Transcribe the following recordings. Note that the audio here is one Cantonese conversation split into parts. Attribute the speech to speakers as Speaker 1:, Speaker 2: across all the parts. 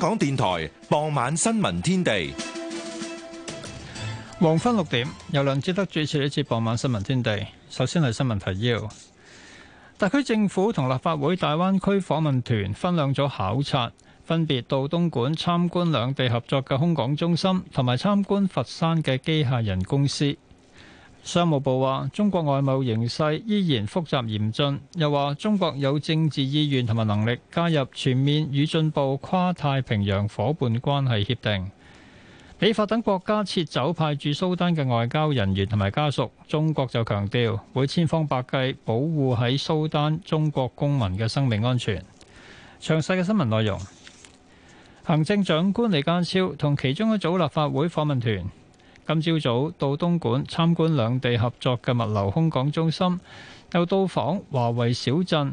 Speaker 1: 香港電台傍晚新聞天地，黃昏六點由梁志德主持一次傍晚新聞天地。首先係新聞提要：特區政府同立法會大灣區訪問團分兩組考察，分別到東莞參觀兩地合作嘅空港中心，同埋參觀佛山嘅機械人公司。商務部話，中國外貿形勢依然複雜嚴峻。又話，中國有政治意願同埋能力加入全面與進步跨太平洋夥伴關係協定。美法等國家撤走派駐蘇丹嘅外交人員同埋家屬，中國就強調會千方百計保護喺蘇丹中國公民嘅生命安全。詳細嘅新聞內容，行政長官李家超同其中一組立法會訪問團。今朝早到東莞參觀兩地合作嘅物流空港中心，又到訪華為小鎮，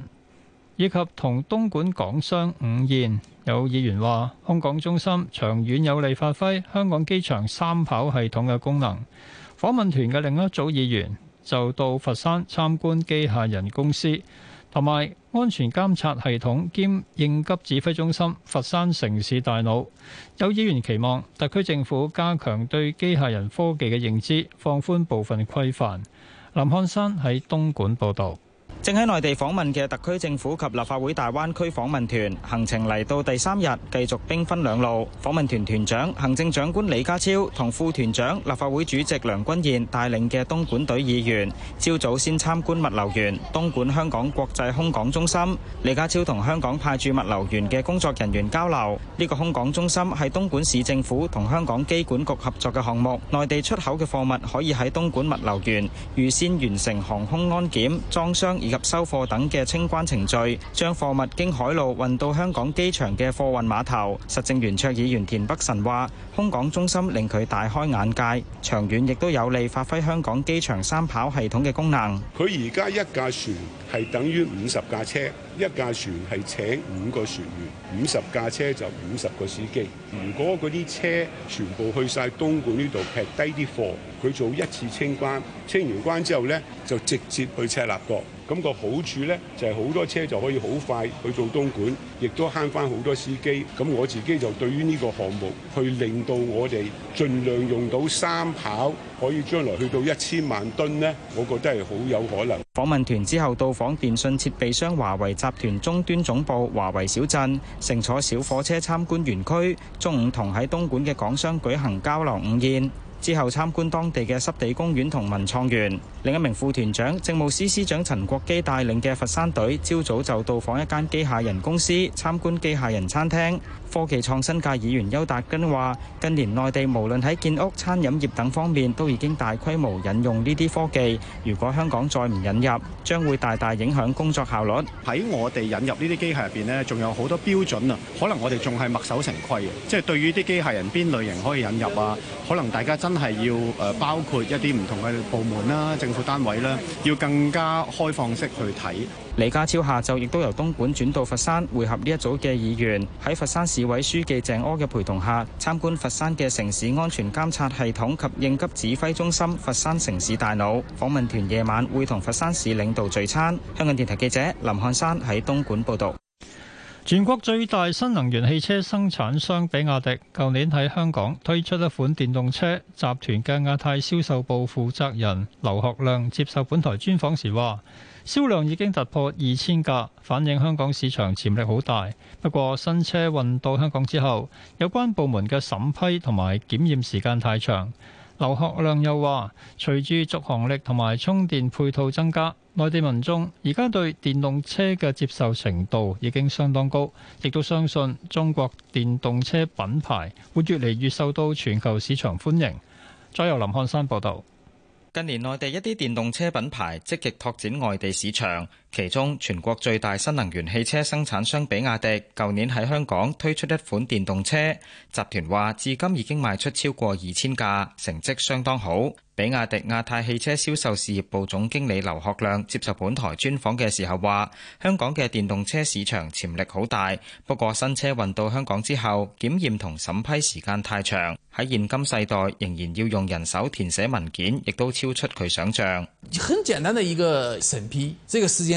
Speaker 1: 以及同東莞港商午宴。有議員話，空港中心長遠有利發揮香港機場三跑系統嘅功能。訪問團嘅另一組議員就到佛山參觀機械人公司。同埋安全監察系統兼應急指揮中心，佛山城市大腦有議員期望特區政府加強對機械人科技嘅認知，放寬部分規範。林漢山喺東莞報道。
Speaker 2: 正喺內地訪問嘅特區政府及立法會大灣區訪問團行程嚟到第三日，繼續兵分兩路。訪問團團長行政長官李家超同副團長立法會主席梁君彥帶領嘅東莞隊議員，朝早先參觀物流園東莞香港國際空港中心。李家超同香港派駐物流園嘅工作人員交流。呢、這個空港中心係東莞市政府同香港機管局合作嘅項目，內地出口嘅貨物可以喺東莞物流園預先完成航空安檢裝箱。以及收貨等嘅清關程序，將貨物經海路運到香港機場嘅貨運碼頭。實政圓桌議員田北辰話，空港中心令佢大開眼界，長遠亦都有利發揮香港機場三跑系統嘅功能。
Speaker 3: 佢而家一架船係等於五十架車。一架船係請五個船員，五十架車就五十個司機。如果嗰啲車全部去晒東莞呢度劈低啲貨，佢做一次清關，清完關之後呢，就直接去赤鱲角。咁、那個好處呢，就係、是、好多車就可以好快去做東莞。亦都慳翻好多司機，咁我自己就對於呢個項目，去令到我哋盡量用到三跑，可以將來去到一千萬噸呢，我覺得係好有可
Speaker 2: 能。訪問團之後到訪電信設備商華為集團終端總部華為小鎮，乘坐小火車參觀園區，中午同喺東莞嘅港商舉行交流午宴。之後參觀當地嘅濕地公園同文創園。另一名副團長，政務司司長陳國基帶領嘅佛山隊，朝早就到訪一間機械人公司，參觀機械人餐廳。科技創新界議員邱達根話，近年內地無論喺建屋、餐飲業等方面，都已經大規模引用呢啲科技。如果香港再唔引入，將會大大影響工作效率。喺我哋引入呢啲機械入邊咧，仲有好多標準啊，可能我哋仲係墨守成規嘅。即係對於啲機械人邊類型可以引入啊，可能大家真係要誒包括一啲唔同嘅部門啦、政府單位啦，要更加開放式去睇。李家超下晝亦都由東莞轉到佛山，會合呢一組嘅議員，喺佛山市委書記鄭柯嘅陪同下，參觀佛山嘅城市安全監察系統及應急指揮中心，佛山城市大腦。訪問團夜晚會同佛山市領導聚餐。香港電台記者林漢山喺東莞報道。
Speaker 1: 全國最大新能源汽車生產商比亞迪，舊年喺香港推出一款電動車。集團嘅亞太銷售部負責人劉學亮接受本台專訪時話。銷量已經突破二千架，反映香港市場潛力好大。不過，新車運到香港之後，有關部門嘅審批同埋檢驗時間太長。劉學亮又話：隨住續航力同埋充電配套增加，內地民眾而家對電動車嘅接受程度已經相當高，亦都相信中國電動車品牌會越嚟越受到全球市場歡迎。再由林漢山報道。
Speaker 2: 近年，內地一啲電動車品牌積極拓展外地市場。其中全國最大新能源汽車生產商比亞迪，舊年喺香港推出一款電動車，集團話至今已經賣出超過二千架，成績相當好。比亞迪亞太汽車銷售事業部總經理劉學亮,亮接受本台專訪嘅時候話，香港嘅電動車市場潛力好大，不過新車運到香港之後，檢驗同審批時間太長，喺現今世代仍然要用人手填寫文件，亦都超出佢想象。
Speaker 4: 很簡單的一個審批，這個時間。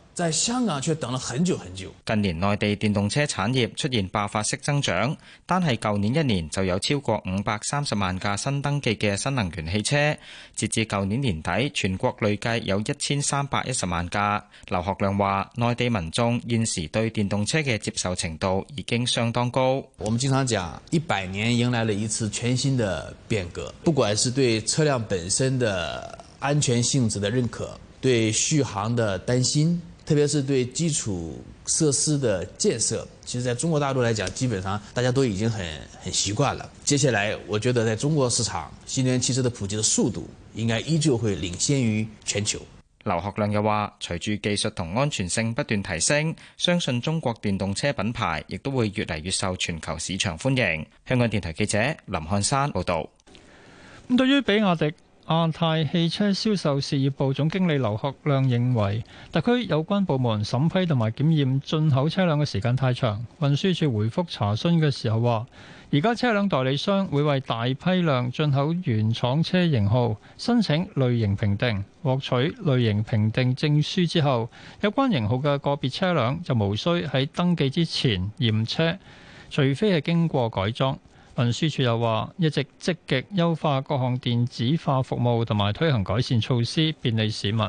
Speaker 2: 在香港卻等了很久很久。近年內地電動車產業出現爆發式增長，單係舊年一年就有超過五百三十萬架新登記嘅新能源汽車。截至舊年年底，全國累計有一千三百一十萬架。劉學亮話：內地民眾現時對電動車嘅接受程度已經相當高。我們經常講一百年迎來了一次全
Speaker 4: 新的變革，不管是對車輛本身的安全性質的認可，對續航的擔心。特別是對基礎設施嘅建設，其實在中國大陸來講，基本上大家都已經很很習慣了。接下來，我
Speaker 2: 覺得在中國市場，新能源汽車的普及的速度應該依舊會領先於全球。劉學亮又話，隨住技術同安全性不斷提升，相信中國電動車品牌亦都會越嚟越受全球市場歡迎。香港電台記者林漢山報道。咁
Speaker 1: 對於比亞迪。亞太汽車銷售事業部總經理劉學亮，亮認為，特區有關部門審批同埋檢驗進口車輛嘅時間太長。運輸處回覆查詢嘅時候話，而家車輛代理商會為大批量進口原廠車型號申請類型評定，獲取類型評定證書之後，有關型號嘅個別車輛就無需喺登記之前驗車，除非係經過改裝。文書處又話，一直積極優化各項電子化服務，同埋推行改善措施，便利市民。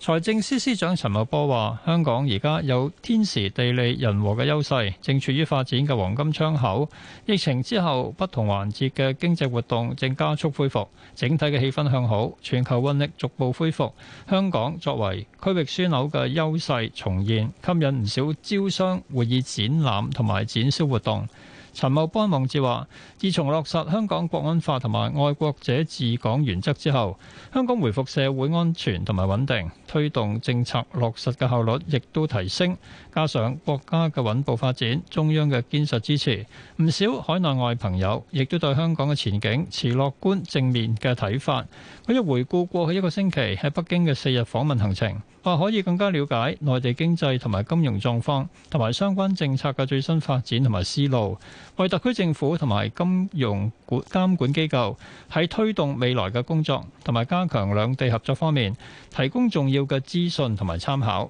Speaker 1: 財政司司長陳茂波話，香港而家有天時地利人和嘅優勢，正處於發展嘅黃金窗口。疫情之後，不同環節嘅經濟活動正加速恢復，整體嘅氣氛向好，全球運力逐步恢復。香港作為區域樞紐嘅優勢重現，吸引唔少招商、會議、展覽同埋展銷活動。陳茂波望誌話：自從落實香港國安法同埋愛國者治港原則之後，香港回復社會安全同埋穩定，推動政策落實嘅效率亦都提升。加上國家嘅穩步發展，中央嘅堅實支持，唔少海內外朋友亦都對香港嘅前景持樂觀正面嘅睇法。佢又回顧過去一個星期喺北京嘅四日訪問行程。話可以更加了解內地經濟同埋金融狀況，同埋相關政策嘅最新發展同埋思路，為特區政府同埋金融監管機構喺推動未來嘅工作同埋加強兩地合作方面提供重要嘅資訊同埋參考。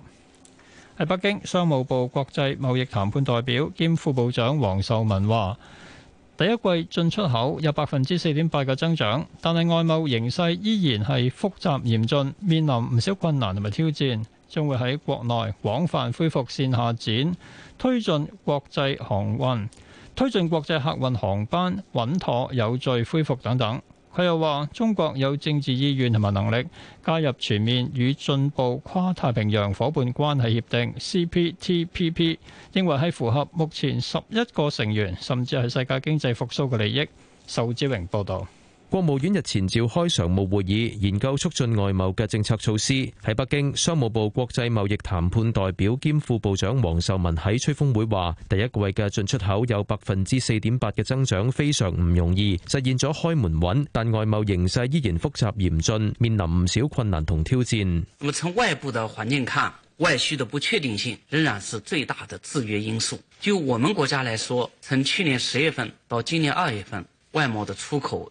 Speaker 1: 喺北京，商務部國際貿易談判代表兼副部長黃秀文話。第一季進出口有百分之四點八嘅增長，但係外貿形勢依然係複雜嚴峻，面臨唔少困難同埋挑戰，將會喺國內廣泛恢復線下展，推進國際航運，推進國際客運航班穩妥有序恢復等等。佢又話：中國有政治意願同埋能力加入全面與進步跨太平洋夥伴關係協定 （CPTPP），認為係符合目前十一個成員甚至係世界經濟復甦嘅利益。仇志榮報導。
Speaker 5: 國務院日前召開常務會議，研究促進外貿嘅政策措施。喺北京，商務部國際貿易談判代表兼副部長王受文喺吹風會話：第一季嘅進出口有百分之四點八嘅增長，非常唔容易，實現咗開門穩。但外貿形勢依然複雜嚴峻，面臨唔少困難同挑戰。
Speaker 4: 咁啊，從外部的環境看，外需的不確定性仍然是最大的制約因素。就我們國家來說，從去年十月份到今年二月份，外貿的出口。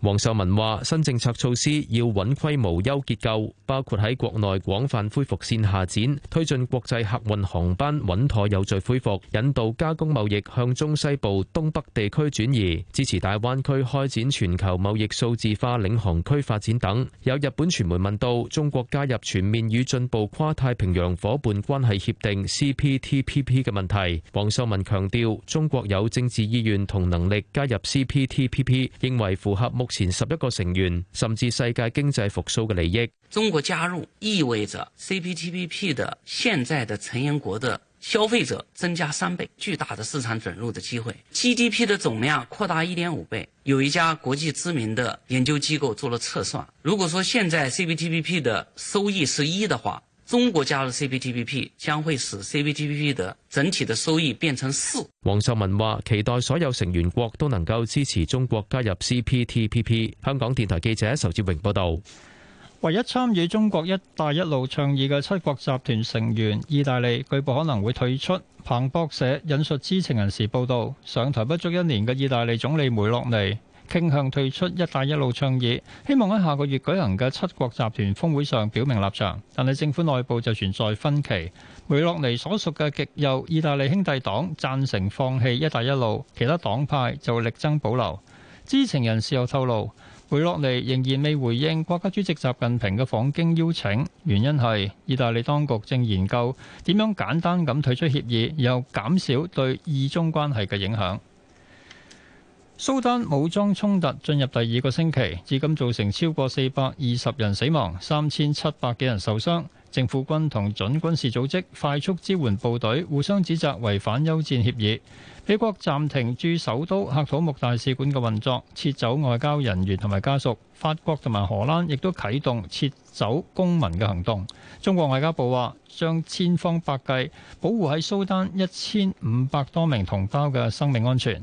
Speaker 5: 王秀文話：新政策措施要穩規模、優結構，包括喺國內廣泛恢復線下展，推進國際客運航班穩妥有序恢復，引導加工貿易向中西部、東北地區轉移，支持大灣區開展全球貿易數字化領航區發展等。有日本傳媒問到中國加入全面與進步跨太平洋夥伴關係協定 （CPTPP） 嘅問題，王秀文強調中國有政治意願同能力加入 CPTPP，認為符合目。目前十一個成員，甚至世界經濟復甦嘅利益。
Speaker 4: 中國加入意味着 CPTPP 的現在的成員國的消費者增加三倍，巨大的市場准入的機會，GDP 的總量擴大一點五倍。有一家國際知名的研究機構做了測算，如果說現在 CPTPP 的收益是一的話。中國加入 CPTPP 將會使 CPTPP 的整體的收
Speaker 5: 益變成四。黃秀文話：期待所有成員國都能夠支持中國加入 CPTPP。香港電台記者仇志榮報導。
Speaker 1: 唯一參與中國“一帶一路”倡議嘅七國集團成員意大利，據報可能會退出。彭博社引述知情人士報導，上台不足一年嘅意大利總理梅洛尼，傾向退出「一帶一路」倡議，希望喺下個月舉行嘅七國集團峰會上表明立場。但係政府內部就存在分歧，梅洛尼所屬嘅極右意大利兄弟黨贊成放棄「一帶一路」，其他黨派就力爭保留。知情人士又透露，梅洛尼仍然未回應國家主席習近平嘅訪京邀請，原因係意大利當局正研究點樣簡單咁退出協議，又減少對意中關係嘅影響。蘇丹武裝衝突進入第二個星期，至今造成超過四百二十人死亡、三千七百幾人受傷。政府軍同準軍事組織快速支援部隊，互相指責違反休戰協議。美國暫停駐首都喀土木大使館嘅運作，撤走外交人員同埋家屬。法國同埋荷蘭亦都啟動撤走公民嘅行動。中國外交部話將千方百計保護喺蘇丹一千五百多名同胞嘅生命安全。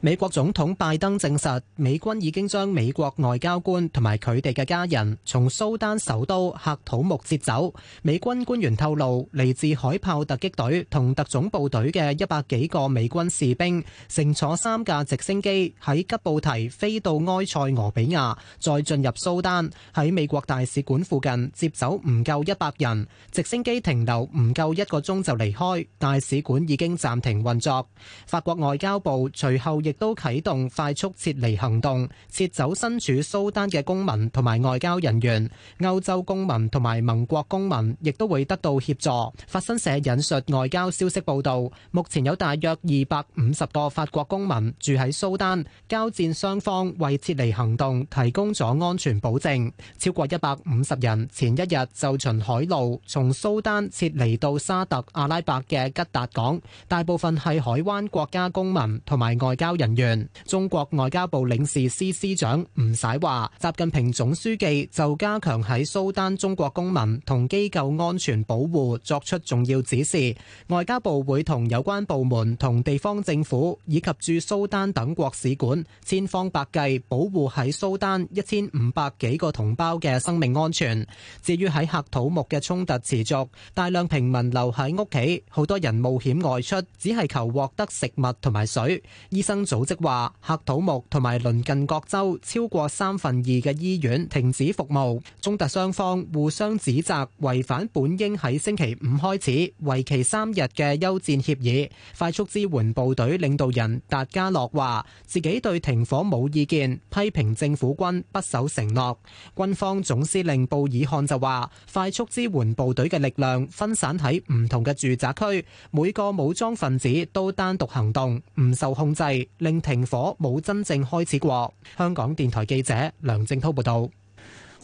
Speaker 1: 美國總統
Speaker 6: 拜登證實，美軍已經將美國外交官同埋佢哋嘅家人從蘇丹首都喀土穆接走。美軍官員透露，嚟自海豹突擊隊同特種部隊嘅一百幾個美軍士兵，乘坐三架直升機喺吉布提飛到埃塞俄比亞，再進入蘇丹，喺美國大使館附近接走唔夠一百人。直升機停留唔夠一個鐘就離開，大使館已經暫停運作。法國外交部隨後。亦都啟動快速撤離行動，撤走身處蘇丹嘅公民同埋外交人員、歐洲公民同埋盟國公民，亦都會得到協助。法新社引述外交消息報道，目前有大約二百五十個法國公民住喺蘇丹，交戰雙方為撤離行動提供咗安全保證。超過一百五十人前一日就循海路從蘇丹撤離到沙特阿拉伯嘅吉達港，大部分係海灣國家公民同埋外交人員。人員。中國外交部領事司司長吳玺話：習近平總書記就加強喺蘇丹中國公民同機構安全保護作出重要指示。外交部會同有關部門同地方政府以及駐蘇丹等國使館，千方百計保護喺蘇丹一千五百幾個同胞嘅生命安全。至於喺喀土穆嘅衝突持續，大量平民留喺屋企，好多人冒險外出，只係求獲得食物同埋水，醫生。組織話，黑土木同埋鄰近各州超過三分二嘅醫院停止服務。中特雙方互相指責違反本應喺星期五開始，為期三日嘅休戰協議。快速支援部隊領導人達加洛話：自己對停火冇意見，批評政府軍不守承諾。軍方總司令布爾漢就話：快速支援部隊嘅力量分散喺唔同嘅住宅區，每個武裝分子都單獨行動，唔受控制。令停火冇真
Speaker 1: 正開始過。香港電台記者梁靜滔報道。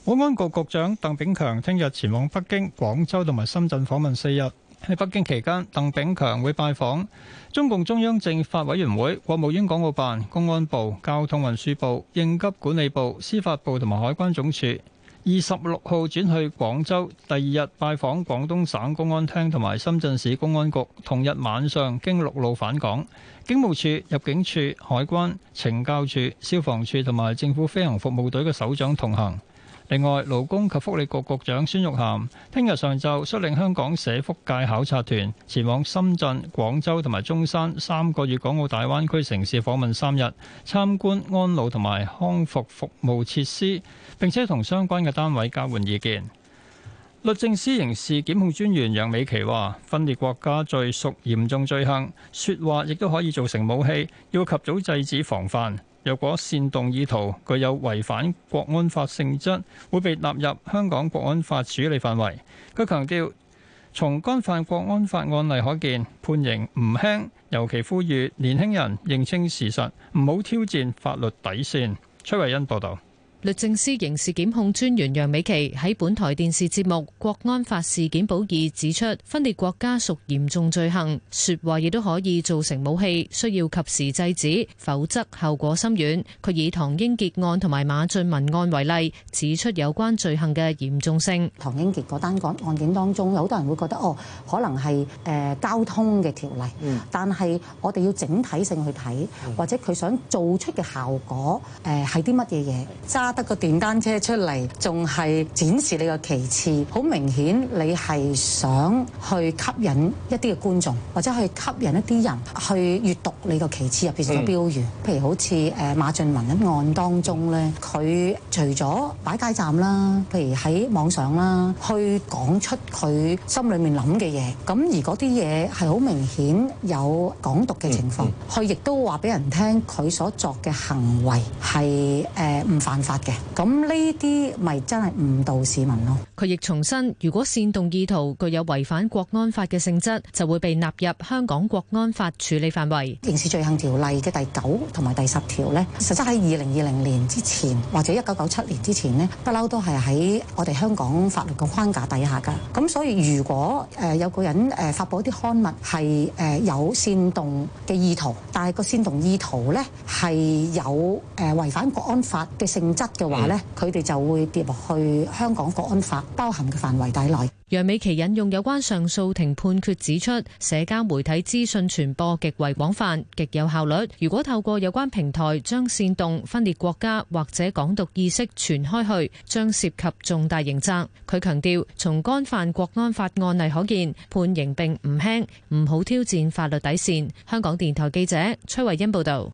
Speaker 1: 保安局局長鄧炳強聽日前往北京、廣州同埋深圳訪問四日。喺北京期間，鄧炳強會拜訪中共中央政法委員會、國務院港澳辦、公安部、交通運輸部、應急管理部、司法部同埋海關總署。二十六號轉去廣州，第二日拜訪廣東省公安廳同埋深圳市公安局，同日晚上經陸路返港。警務處、入境處、海關、懲教處、消防處同埋政府飛行服務隊嘅首長同行。另外，勞工及福利局局長孫玉菡聽日上晝率領香港社福界考察團前往深圳、廣州同埋中山三個粵港澳大灣區城市訪問三日，參觀安老同埋康復服務設施。並且同相關嘅單位交換意見。律政司刑事檢控專員楊美琪話：分裂國家罪屬嚴重罪行，說話亦都可以造成武器，要及早制止防範。若果煽動意圖，具有違反國安法性質，會被納入香港國安法處理範圍。佢強調，從干犯國安法案例可見判刑唔輕，尤其呼籲年輕人認清事實，唔好挑戰法律底線。崔慧恩報道，道。
Speaker 7: 律政司刑事檢控專員楊美琪喺本台電視節目《國安法事件簿二》指出，分裂國家屬嚴重罪行，說話亦都可以造成武器，需要及時制止，否則後果深遠。佢以唐英傑案同埋馬俊文案為例，指出有關罪行嘅嚴重性。唐英傑嗰單案件當中，有好多人會覺得哦，可能係、呃、交
Speaker 8: 通嘅條例，嗯、但係我哋要整體性去睇，或者佢想做出嘅效果誒係啲乜嘢嘢得個電單車出嚟，仲係展示你個旗幟，好明顯你係想去吸引一啲嘅觀眾，或者去吸引一啲人去閱讀你個旗幟入邊嘅標語。譬如好似誒馬俊文一案當中咧，佢除咗擺街站啦，譬如喺網上啦，去講出佢心裏面諗嘅嘢，咁而嗰啲嘢係好明顯有港獨嘅情況。佢亦都話俾人聽，佢所作嘅行為係誒唔犯法。咁呢啲咪真係誤導市民咯？
Speaker 7: 佢亦重申，如果煽動意圖具有違反國安法嘅性質，就會被納入香港國安法處理範圍。
Speaker 8: 刑事罪行條例嘅第九同埋第十條呢，實質喺二零二零年之前或者一九九七年之前呢，不嬲都係喺我哋香港法律嘅框架底下㗎。咁所以，如果誒有個人誒發布一啲刊物係誒有煽動嘅意圖，但係個煽動意圖呢係有誒違反國安法嘅性質，嘅話呢，佢哋就會跌落去香港國安
Speaker 7: 法包含嘅範圍底內。楊、嗯、美琪引用有關上訴庭判決指出，社交媒體資訊傳播極為廣泛、極有效率。如果透過有關平台將煽動分裂國家或者港獨意識傳開去，將涉及重大刑責。佢強調，從干犯國安法案例可見，判刑並唔輕，唔好挑戰法律底線。香港電台記者崔慧欣報導。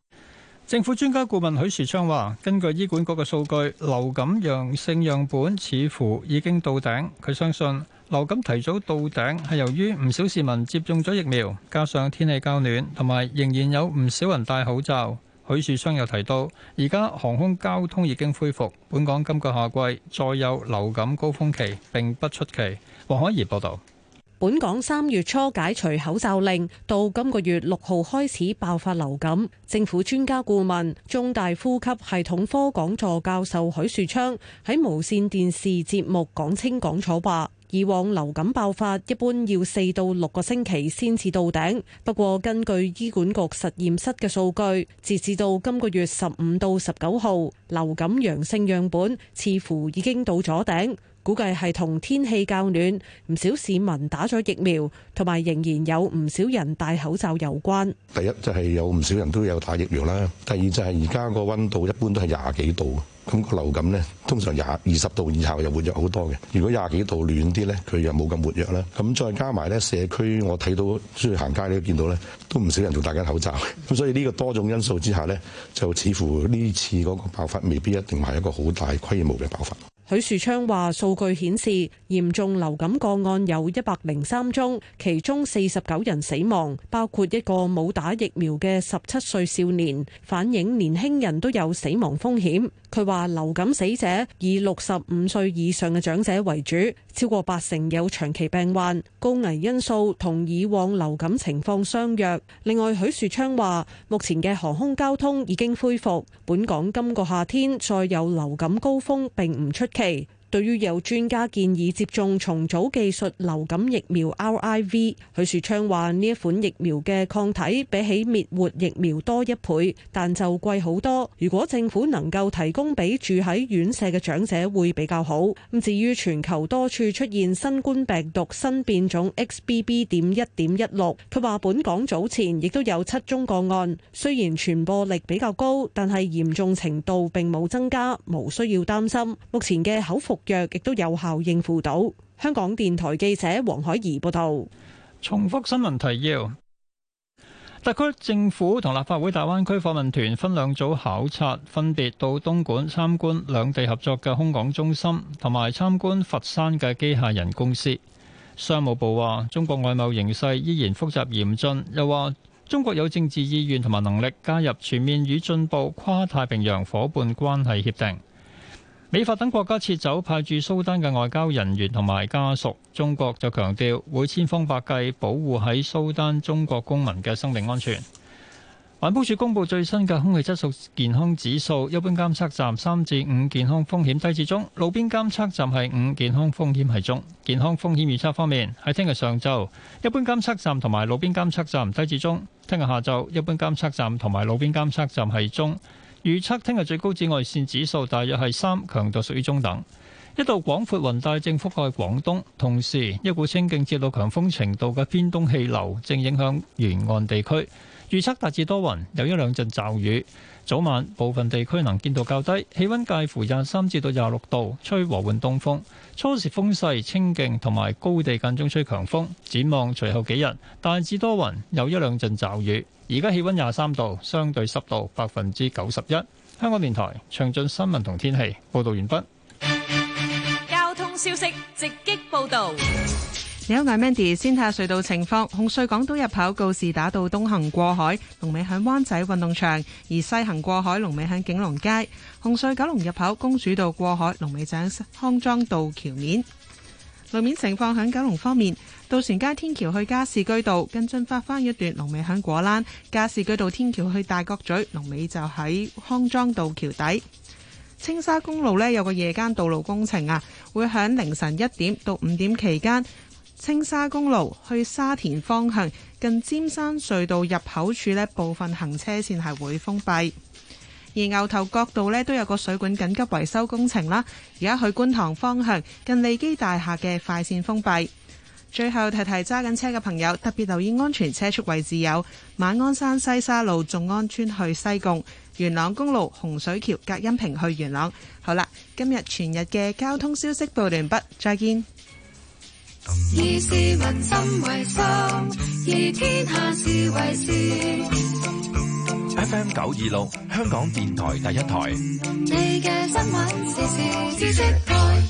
Speaker 1: 政府專家顧問許樹昌話：根據醫管局嘅數據，流感陽性樣本似乎已經到頂。佢相信流感提早到頂係由於唔少市民接種咗疫苗，加上天氣較暖，同埋仍然有唔少人戴口罩。許樹昌又提到，而家航空交通已經恢復，本港今個夏季再有流感高峰期並不出奇。黃海怡報導。
Speaker 3: 本港三月初解除口罩令，到今個月六號開始爆發流感。政府專家顧問、中大呼吸系統科講座教授許樹昌喺無綫電視節目講清講楚話，以往流感爆發一般要四到六個星期先至到頂，不過根據醫管局實驗室嘅數據，截至到今個月十五到十九號，流感陽性樣本似乎已經到咗頂。估計係同天氣較暖，唔少市民打咗疫苗，同埋仍然有唔少人戴口罩有關。
Speaker 5: 第一就係、是、有唔少人都有打疫苗啦。第二就係而家個溫度一般都係廿幾度，咁個流感呢，通常廿二十度以下又活躍好多嘅。如果廿幾度暖啲呢，佢又冇咁活躍啦。咁再加埋呢社區我，我睇到出去行街都見到呢，都唔少人仲戴緊口罩。咁所以呢個多種因素之下呢，就似乎呢次嗰個爆發未必一定係一個好大規模嘅爆發。
Speaker 3: 許樹昌話：數據顯示，嚴重流感個案有一百零三宗，其中四十九人死亡，包括一個冇打疫苗嘅十七歲少年，反映年輕人都有死亡風險。佢話流感死者以六十五歲以上嘅長者為主，超過八成有長期病患高危因素，同以往流感情況相若。另外，許樹昌話，目前嘅航空交通已經恢復，本港今個夏天再有流感高峰並唔出奇。對於有專家建議接種重組技術流感疫苗 RIV，許樹昌話呢一款疫苗嘅抗體比起滅活疫苗多一倍，但就貴好多。如果政府能夠提供俾住喺院舍嘅長者會比較好。咁至於全球多處出現新冠病毒新變種 XBB.1.16，佢話本港早前亦都有七宗個案，雖然傳播力比較高，但係嚴重程度並冇增加，無需要擔心。目前嘅口服約亦都有效應付到。香港電台記者黃海怡報道。
Speaker 1: 重複新聞提要：特區政府同立法會大灣區訪問團分兩組考察，分別到東莞參觀兩地合作嘅空港中心，同埋參觀佛山嘅機械人公司。商務部話，中國外貿形勢依然複雜嚴峻，又話中國有政治意願同埋能力加入全面與進步跨太平洋夥伴關係協定。美法等國家撤走派駐蘇丹嘅外交人員同埋家屬，中國就強調會千方百計保護喺蘇丹中國公民嘅生命安全。環保署公布最新嘅空氣質素健康指數，一般監測站三至五，健康風險低至中，路邊監測站係五，健康風險係中。健康風險預測方面，喺聽日上晝，一般監測站同埋路邊監測站低至中；聽日下晝，一般監測站同埋路邊監測站係中。預測聽日最高紫外線指數大約係三，強度屬於中等。一道廣闊雲帶正覆蓋廣東，同時一股清勁至強風程度嘅偏東氣流正影響沿岸地區。預測大致多雲，有一兩陣驟雨。早晚部分地區能見度較低，氣温介乎廿三至到廿六度，吹和緩東風。初時風勢清勁，同埋高地間中吹強風。展望隨後幾日，大致多雲，有一兩陣驟雨。而家氣温廿三度，相對濕度百分之九十一。香港電台詳盡新聞同天氣報道完畢。
Speaker 9: 交通消息直
Speaker 1: 擊報道。
Speaker 9: 你好，我係 Mandy。先睇下隧道情況，紅隧港島入口告士打道東行過海，龍尾響灣仔運動場；而西行過海，龍尾響景隆街。紅隧九龍入口公主道過海，龍尾響康莊道橋面。路面情況響九龍方面，渡船街天橋去加士居道跟進發翻一段，龍尾響果欄；加士居道天橋去大角咀，龍尾就喺康莊道橋底。青沙公路呢，有個夜間道路工程啊，會響凌晨一點到五點期間。青沙公路去沙田方向近尖山隧道入口處呢部分，行車線係會封閉。而牛頭角道咧都有個水管緊急維修工程啦。而家去觀塘方向近利基大廈嘅快線封閉。最後提提揸緊車嘅朋友，特別留意安全車速位置，有馬鞍山西沙路、仲安村去西貢、元朗公路洪水橋隔音屏去元朗。好啦，今日全日嘅交通消息報完畢，再見。
Speaker 6: 以市民心為心以天下事
Speaker 5: 為事。FM 九二六香港電台第一台
Speaker 6: 你嘅新聞時事知識台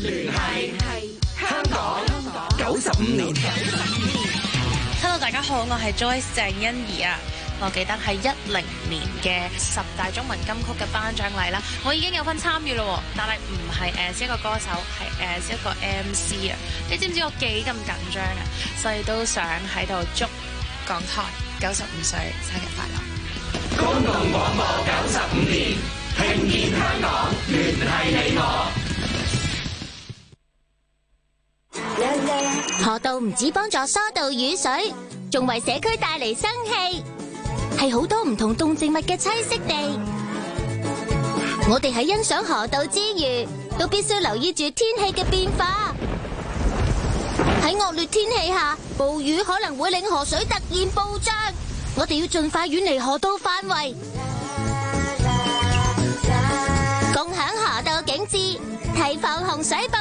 Speaker 8: 聯繫係
Speaker 7: 香
Speaker 4: 港香港九十五
Speaker 8: 年 hello 大家
Speaker 3: 好我係 joyce 鄭欣宜啊我記得係一零年嘅十大中文金曲嘅頒獎禮啦，我已經有份參與咯，但係唔係誒只一個歌手，係誒
Speaker 8: 只一個 MC 啊！你知唔知我幾咁緊張啊？所以都想喺度祝港台九十五歲生日快樂！公
Speaker 5: 共廣播九十五
Speaker 6: 年，聽見香港聯繫你我。
Speaker 4: 河道唔止幫助疏導雨水，仲為社區帶嚟生氣。係好多唔同動植物嘅棲息地，我哋喺欣賞河道之餘，都必須留意住天氣嘅變化。喺惡劣天氣下，暴雨可能會令河水突然暴漲，我哋要盡快遠離河道範圍，共享河道景致，提防洪水暴。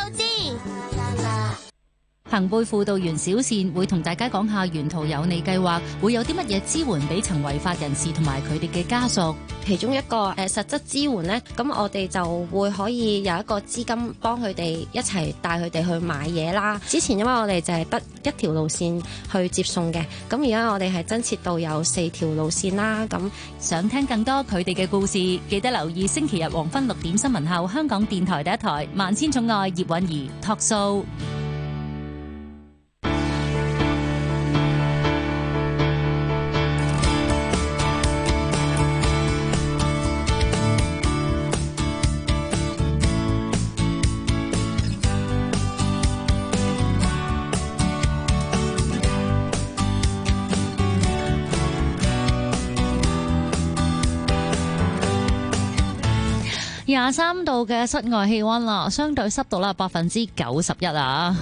Speaker 7: 恒輩輔導員小倩會同大家講下沿途有你計劃會有啲乜嘢支援俾曾違法人士同埋佢哋嘅家屬。其中一個誒實質支援呢，咁我哋就會可以有一個資金幫佢哋一齊
Speaker 8: 帶佢哋去買嘢啦。之前因為我哋就係得一條路線去接送嘅，咁
Speaker 7: 而家我哋係增設到有四條路線啦。咁想聽更多佢哋嘅故事，記得留意星期日黃昏六點新聞後，香港電台第一台《萬千寵愛》葉韻儀 Talk Show。廿三度嘅室外氣溫啦，相對濕度啦百分之九十一啊，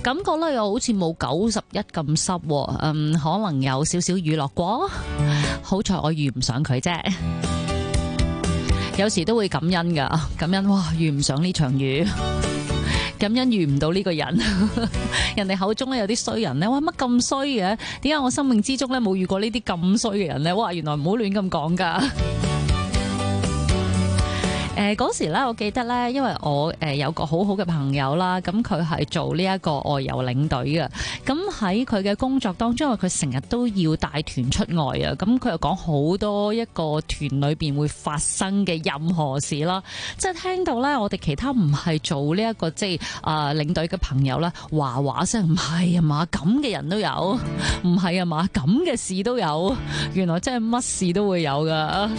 Speaker 7: 感覺咧又好似冇九十一咁濕，嗯，可能有少少雨落過，好彩我遇唔上佢啫，有時都會感恩噶，感恩哇遇唔上呢場雨，感恩遇唔到呢個人，人哋口中咧有啲衰人咧，哇乜咁衰嘅？點解我生命之中咧冇遇過呢啲咁衰嘅人咧？哇，原來唔好亂咁講噶。誒，嗰時咧，我記得咧，因為我誒有個好好嘅朋友啦，咁佢係做呢一個外遊領隊嘅，咁喺佢嘅工作當中，佢成日都要帶團出外啊，咁佢又講好多一個團裏邊會發生嘅任何事啦，即係聽到咧，我哋其他唔係做呢一個即係啊領隊嘅朋友啦。話話聲唔係啊嘛，咁嘅人都有，唔係啊嘛，咁嘅事都有，原來真係乜事都會有噶。